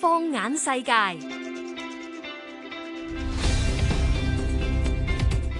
放眼世界，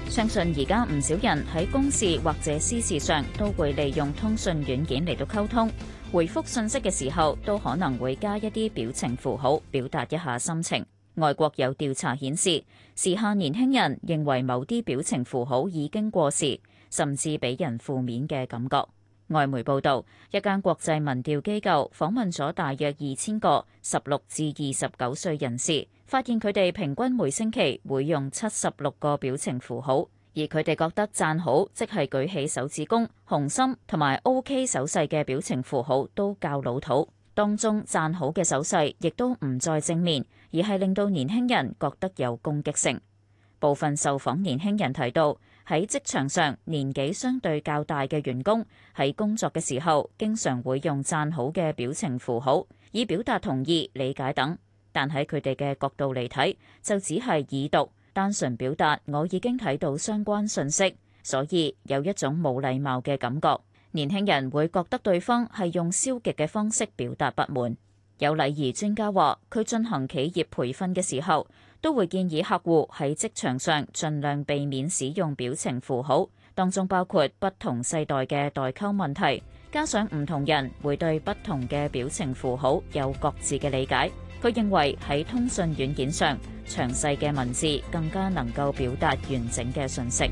相信而家唔少人喺公事或者私事上都會利用通訊軟件嚟到溝通。回覆信息嘅時候，都可能會加一啲表情符號，表達一下心情。外國有調查顯示，時下年輕人認為某啲表情符號已經過時，甚至俾人負面嘅感覺。外媒報道，一間國際民調機構訪問咗大約二千個十六至二十九歲人士，發現佢哋平均每星期會用七十六個表情符號，而佢哋覺得讚好即係舉起手指公、紅心同埋 OK 手勢嘅表情符號都較老土。當中讚好嘅手勢亦都唔再正面，而係令到年輕人覺得有攻擊性。部分受訪年輕人提到。喺職場上，年紀相對較大嘅員工喺工作嘅時候，經常會用讚好嘅表情符號，以表達同意、理解等。但喺佢哋嘅角度嚟睇，就只係已讀，單純表達我已經睇到相關訊息，所以有一種冇禮貌嘅感覺。年輕人會覺得對方係用消極嘅方式表達不滿。有禮儀專家話，佢進行企業培訓嘅時候，都會建議客戶喺職場上盡量避免使用表情符號，當中包括不同世代嘅代溝問題，加上唔同人會對不同嘅表情符號有各自嘅理解。佢認為喺通訊軟件上，詳細嘅文字更加能夠表達完整嘅信息。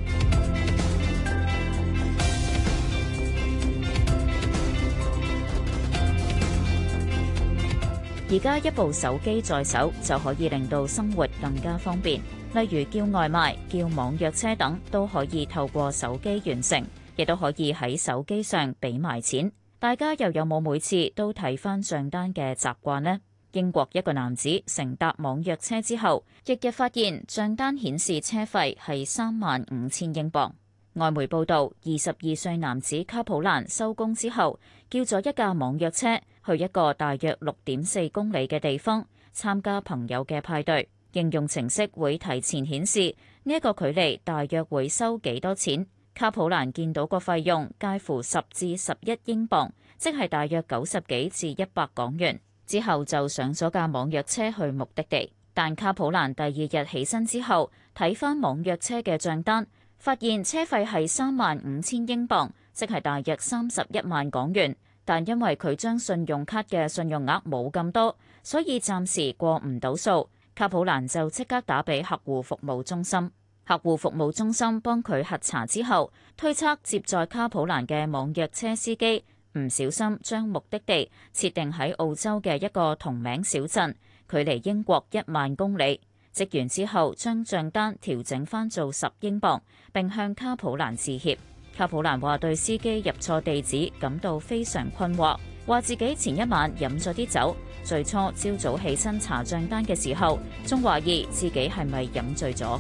而家一部手機在手就可以令到生活更加方便，例如叫外賣、叫網約車等都可以透過手機完成，亦都可以喺手機上俾埋錢。大家又有冇每次都睇返帳單嘅習慣呢？英國一個男子乘搭網約車之後，翌日發現帳單顯示車費係三萬五千英鎊。外媒報導，二十二歲男子卡普蘭收工之後叫咗一架網約車。去一個大約六點四公里嘅地方參加朋友嘅派對，應用程式會提前顯示呢一個距離大約會收幾多錢。卡普蘭見到個費用介乎十至十一英鎊，即係大約九十幾至一百港元。之後就上咗架網約車去目的地，但卡普蘭第二日起身之後睇返網約車嘅帳單，發現車費係三萬五千英鎊，即係大約三十一萬港元。但因為佢將信用卡嘅信用額冇咁多，所以暫時過唔到數。卡普蘭就即刻打俾客戶服務中心，客戶服務中心幫佢核查之後推測，接載卡普蘭嘅網約車司機唔小心將目的地設定喺澳洲嘅一個同名小鎮，距離英國一萬公里。職員之後將賬單調整翻做十英鎊，並向卡普蘭致歉。卡普蘭話對司機入錯地址感到非常困惑，話自己前一晚飲咗啲酒，最初朝早起身查帳單嘅時候，仲懷疑自己係咪飲醉咗。